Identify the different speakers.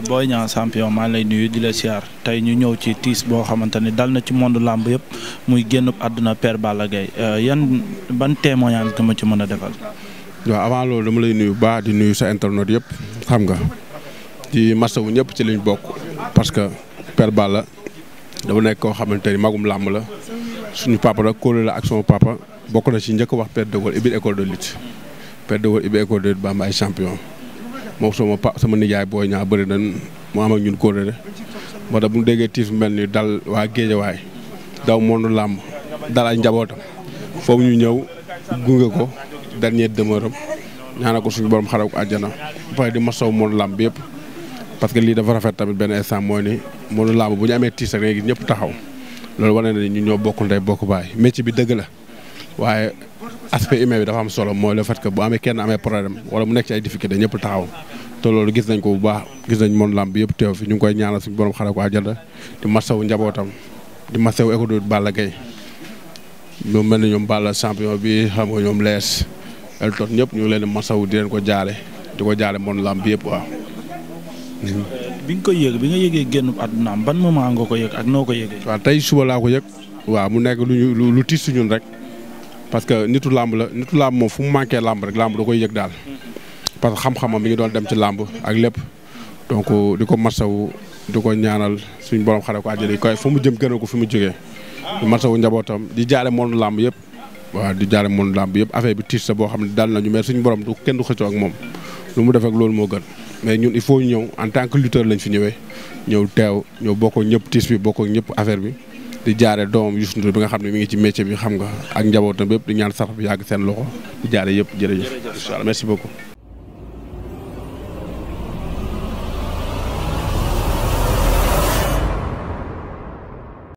Speaker 1: Euh, Boy Niang champion maa ngi lay nuyu di la siyaar tey ñu ñëw ci tiis boo xamante ni dal na ci monde làmb yëpp muy génn àdduna per Balla Gaye euh, yan ban témoignage nga ma ci mën a defal.
Speaker 2: waa avant loolu dama lay nuyu baax di nuyu sa internet yëpp xam nga di masawu ñëpp ci liñ bokk parce que Père Balla dama nekk koo xamante ni magum làmb la suñu papa la kóolu la ak sama papa bokk na ci njëkk wax per de Gaulle école de lutte Père de Gaulle école de lutte ba ay champion. moom sama pa sama nijaay booy ñaa bëri nañ mu am ñun kóolóore moo tax bu ñu déggee tiis mel ni dal waa géejawaay daw moonu làmb dal ay njabootam foofu ñu ñëw gunge ko dernier demeure ne ko suñu borom xare ko àjjana ba pare di ma masaw moonu làmb bi yëpp parce que lii dafa rafet tamit benn instant mooy ni moonu làmb bu ñu amee tiis rek ñëpp taxaw loolu wane na ni ñu ñëw bokk ndey bokk baay métier bi dëgg la. waaye aspect humain bi dafa am solo mooy le fait que bu amee kenn amee problème wala mu nekk ci ay difficulté ñëpp taxaw te loolu gis nañ ko bu baax gis nañ moom làmb bi yëpp teew fi ñu koy ñaanal suñu borom xare ko àjjana di masawu njabootam di masawu école Balla Gaye ñoom mel ni ñoom Balla champion bi xam nga ñoom lees Elton ñëpp ñu leen di di leen ko jaale di ko jaale moom làmb bi yëpp waaw. bi nga koy yëg bi nga yëgee génn àdduna ban moment nga ko yëg ak noo ko yëgee. waaw tey suba laa ko yëg waaw mu nekk lu ñu lu tiis suñu rek. parce que nitu làmb la nitu làmb moom fu mu manqué làmb rek làmb da koy yëg daal parce que xam-xamam mi ngi doon dem ci làmb ak lépp donc di ko masawu di ko ñaanal suñu borom xare ko àjjana koy fu mu jëm gënal ko fu mu jógee di masawu njabootam di jaare moon làmb yëpp waaw di jaare moon lamb yëpp affaire bi tiis sa boo xam ne dal nañu mais suñu borom du kenn du xëccoo ak moom lu mu def loolu moo gën mais ñun il faut ñëw en tant que lutteur lañ fi ñëwee ñëw teew ñëw bokk ñëpp tiis bi bokk ñëpp affaire bi di jaare doomam Youssou Ndour bi nga xam ne mi ngi ci métier bi xam nga ak njabootam bépp di ñaan sarax bi yàgg seen loxo di jaare yëpp jërëjëf incha allah merci beaucoup